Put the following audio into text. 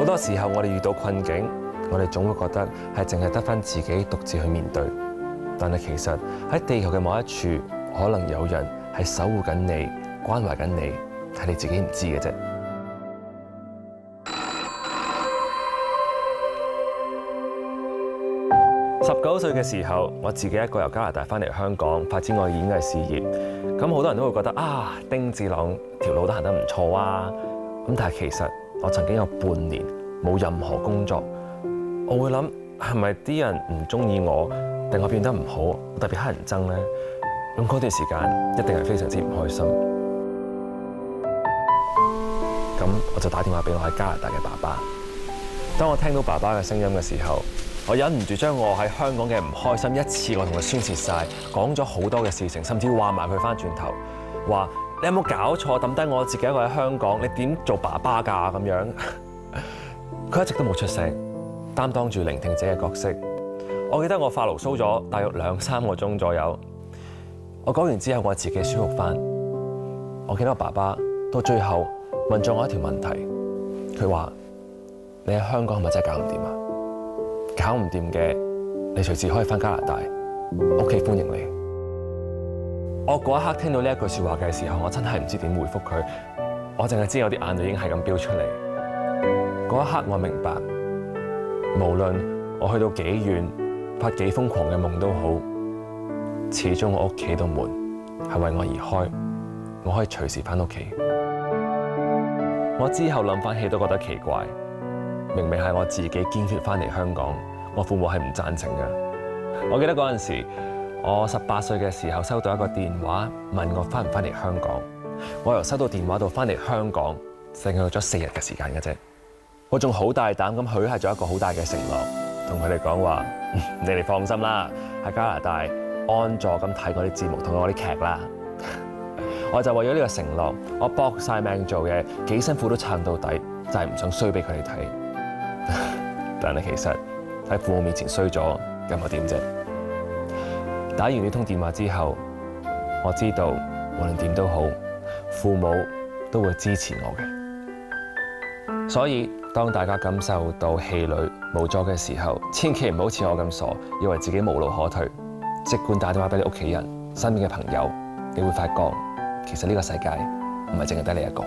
好多時候，我哋遇到困境，我哋總會覺得係淨係得翻自己獨自去面對。但係其實喺地球嘅某一處，可能有人係守護緊你、關懷緊你，係你自己唔知嘅啫。十九歲嘅時候，我自己一個由加拿大翻嚟香港發展我演藝事業。咁好多人都會覺得啊，丁子朗條路都行得唔錯啊。咁但係其實我曾經有半年，冇任何工作，我會諗係咪啲人唔中意我，定我變得唔好，特別乞人憎咧？咁嗰段時間一定係非常之唔開心。咁我就打電話俾我喺加拿大嘅爸爸。當我聽到爸爸嘅聲音嘅時候，我忍唔住將我喺香港嘅唔開心一次我跟他宣了，我同佢宣泄晒，講咗好多嘅事情，甚至話埋佢翻轉頭，話你有冇搞錯？抌低我自己一個喺香港，你點做爸爸㗎？咁樣。佢一直都冇出聲，擔當住聆聽者嘅角色。我記得我發牢騷咗大約兩三個鐘左右。我講完之後，我自己舒服翻。我見到我爸爸到最後問咗我一條問題，佢話：你喺香港係咪真係搞唔掂啊？搞唔掂嘅，你隨時可以翻加拿大，屋企歡迎你。我嗰一刻聽到呢一句說話嘅時候，我真係唔知點回復佢。我淨係知道我啲眼淚已經係咁飆出嚟。嗰一刻，我明白，無論我去到幾遠，拍幾瘋狂嘅夢都好，始終我屋企嘅門係為我而開，我可以隨時翻屋企。我之後諗翻起都覺得奇怪，明明係我自己堅決翻嚟香港，我父母係唔贊成嘅。我記得嗰陣時，我十八歲嘅時候收到一個電話問我翻唔翻嚟香港，我由收到電話到翻嚟香港，剩係咗四日嘅時間嘅啫。我仲好大膽咁許下咗一個好大嘅承諾，同佢哋講話：你哋放心啦，喺加拿大安坐咁睇我啲節目，同我啲劇啦。我就為咗呢個承諾，我搏晒命做嘅，幾辛苦都撐到底，就係唔想衰俾佢哋睇。 但係其實喺父母面前衰咗，咁我點啫？打完呢通電話之後，我知道無論點都好，父母都會支持我嘅。所以，當大家感受到氣餒無助嘅時候，千祈唔好似我咁傻，以為自己無路可退。儘管打電話俾你屋企人、身邊嘅朋友，你會發覺，其實呢個世界唔係淨係得你一個。